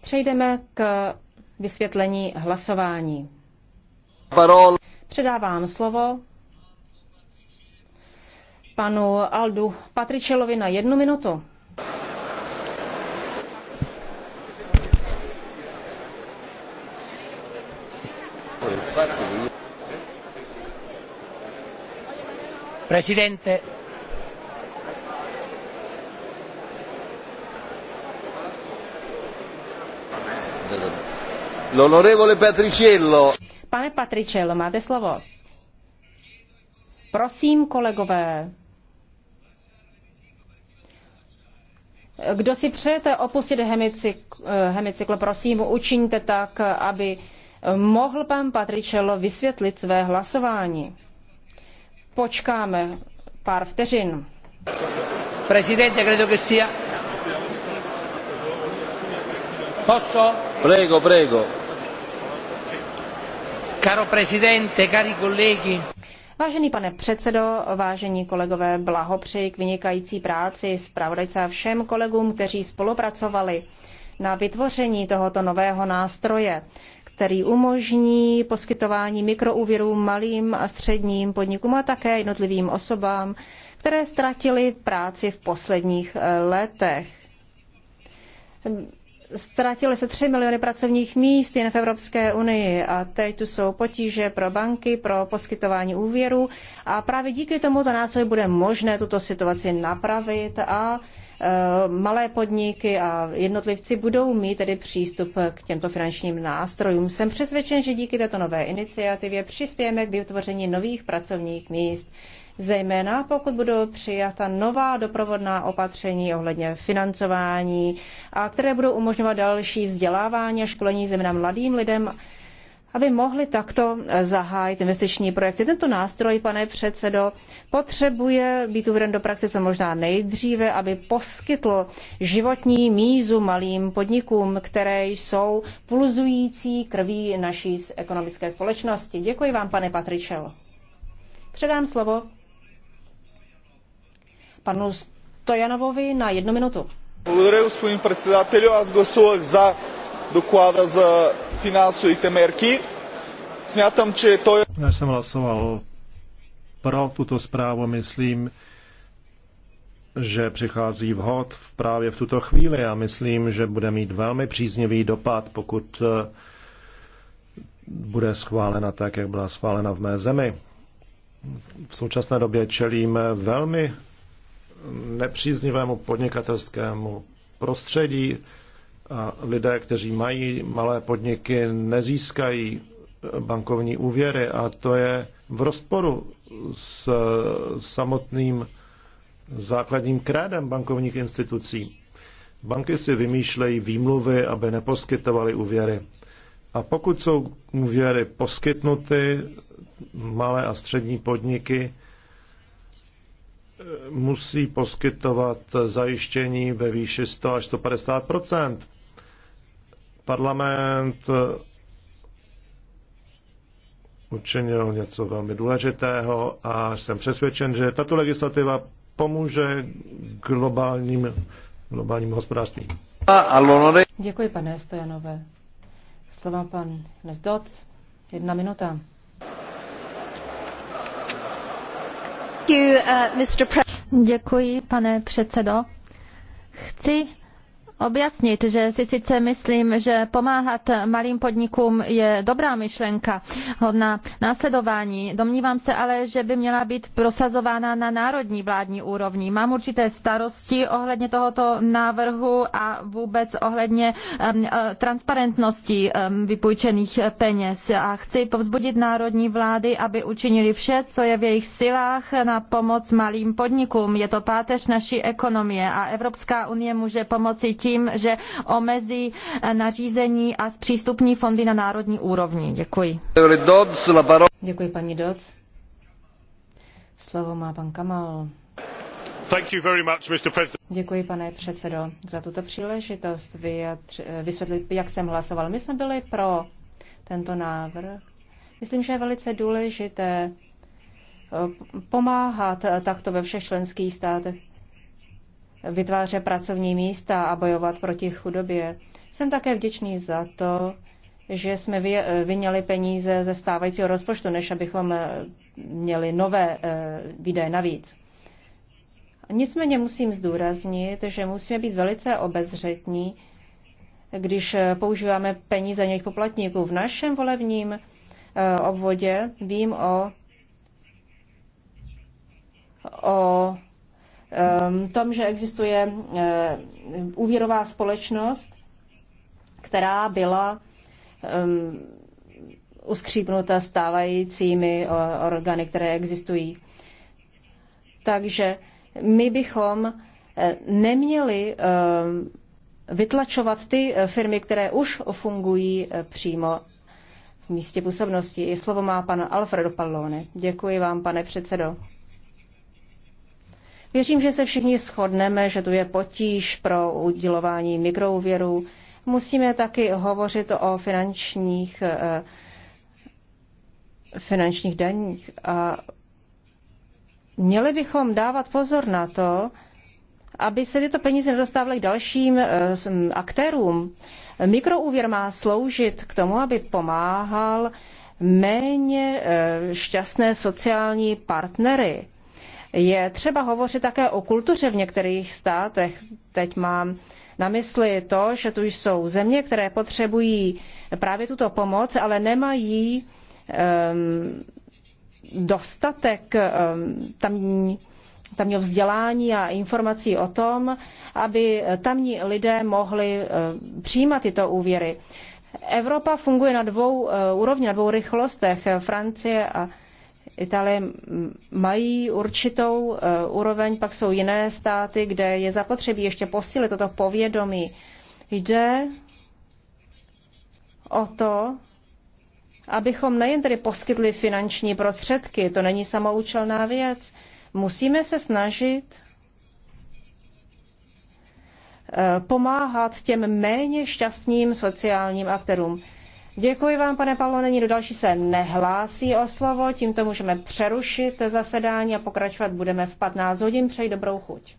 Přejdeme k vysvětlení hlasování. Předávám slovo panu Aldu Patričelovi na jednu minutu. Presidente, L'onorevole Patriciello. Pane Patriciello, máte slovo. Prosím, kolegové, Kdo si přejete opustit eh, hemicykl, prosím, učiňte tak, aby mohl pan Patriciello vysvětlit své hlasování. Počkáme pár vteřin. Prezidente, credo che sia. Posso? Vážený pane předsedo, vážení kolegové, blahopřeji k vynikající práci zpravodajce a všem kolegům, kteří spolupracovali na vytvoření tohoto nového nástroje, který umožní poskytování mikroúvěrů malým a středním podnikům a také jednotlivým osobám, které ztratily práci v posledních eh, letech. Ztratily se 3 miliony pracovních míst jen v Evropské unii a teď tu jsou potíže pro banky, pro poskytování úvěru a právě díky tomuto nástroji bude možné tuto situaci napravit a e, malé podniky a jednotlivci budou mít tedy přístup k těmto finančním nástrojům. Jsem přesvědčen, že díky této nové iniciativě přispějeme k vytvoření nových pracovních míst zejména pokud budou přijata nová doprovodná opatření ohledně financování, a které budou umožňovat další vzdělávání a školení zejména mladým lidem, aby mohli takto zahájit investiční projekty. Tento nástroj, pane předsedo, potřebuje být uveden do praxe co možná nejdříve, aby poskytl životní mízu malým podnikům, které jsou pulzující krví naší ekonomické společnosti. Děkuji vám, pane Patričel. Předám slovo panu Stojanovovi na jednu minutu. Благодаря, господин председателю. Аз гласувах за доклада за финансовите мерки. Смятам, че той... Já съм hlasoval pro tuto zprávu, myslím, že přichází vhod v právě v tuto chvíli a myslím, že bude mít velmi příznivý dopad, pokud bude schválena tak, jak byla schválena v mé zemi. V současné době čelíme velmi nepříznivému podnikatelskému prostředí a lidé, kteří mají malé podniky, nezískají bankovní úvěry a to je v rozporu s samotným základním krédem bankovních institucí. Banky si vymýšlejí výmluvy, aby neposkytovaly úvěry. A pokud jsou úvěry poskytnuty, malé a střední podniky musí poskytovat zajištění ve výši 100 až 150 Parlament eh, učinil něco velmi důležitého a jsem přesvědčen, že tato legislativa pomůže globálním, globálním hospodářství. Děkuji, pane Stojanové. Slovo pan Nezdoc. Jedna minuta. Uh, Děkuji, pane předsedo. Chci objasnit, že si sice myslím, že pomáhat malým podnikům je dobrá myšlenka, hodná následování. Domnívám se ale, že by měla být prosazována na národní vládní úrovni. Mám určité starosti ohledně tohoto návrhu a vůbec ohledně e, transparentnosti vypůjčených peněz. A chci povzbudit národní vlády, aby učinili vše, co je v jejich silách na pomoc malým podnikům. Je to páteř naší ekonomie a Evropská unie může pomoci tím, tím, že omezí nařízení a zpřístupní fondy na národní úrovni. Děkuji. Děkuji paní Doc. Slovo má pan Kamal. Děkuji, pane předsedo, za tuto příležitost eh, vysvětlit, jak jsem hlasoval. My jsme byli pro tento návrh. Myslím, že je velice důležité eh, pomáhat eh, takto ve všech členských státech vytvářet pracovní místa a bojovat proti chudobě. Jsem také vděčný za to, že jsme vyněli eh, peníze ze stávajícího rozpočtu, než abychom eh, měli nové eh, výdaje navíc. Nicméně musím zdůraznit, že musíme být velice obezřetní, když používáme peníze nějakých poplatníků. V našem volebním obvodě vím o, o Ehm, tom, že existuje eh, úvěrová společnost, která byla ehm, uskřípnuta stávajícími eh, orgány, které existují. Takže my bychom eh, neměli ehm, vytlačovat ty firmy, které už fungují přímo v místě působnosti. Slovo má pan Alfredo Pallone. Děkuji vám, pane předsedo. Věřím, že se všichni shodneme, že tu je potíž pro udělování mikrouvěrů. Musíme taky hovořit o finančních, eh, finančních daních. A měli bychom dávat pozor na to, aby se tyto peníze nedostávaly k dalším eh, aktérům. Mikrouvěr má sloužit k tomu, aby pomáhal méně eh, šťastné sociální partnery je třeba hovořit také o kultuře v některých státech. Teď mám na mysli to, že tu jsou země, které potřebují právě tuto pomoc, ale nemají um, dostatek um, tamní tamního vzdělání a informací o tom, aby tamní lidé mohli ehm, přijímat tyto úvěry. Evropa funguje na dvou eh, úrovni, na dvou rychlostech. Francie a Itálie mají určitou eh, úroveň, pak jsou jiné státy, kde je zapotřebí ještě posílit toto povědomí. Jde o to, abychom nejen tedy poskytli finanční prostředky, to není samoučelná věc, musíme se snažit eh, pomáhat těm méně šťastným sociálním aktérům. Děkuji vám, pane Pavlo. Není do další se nehlásí o slovo. Tímto můžeme přerušit zasedání a pokračovat budeme v 15 hodin. Přeji dobrou chuť.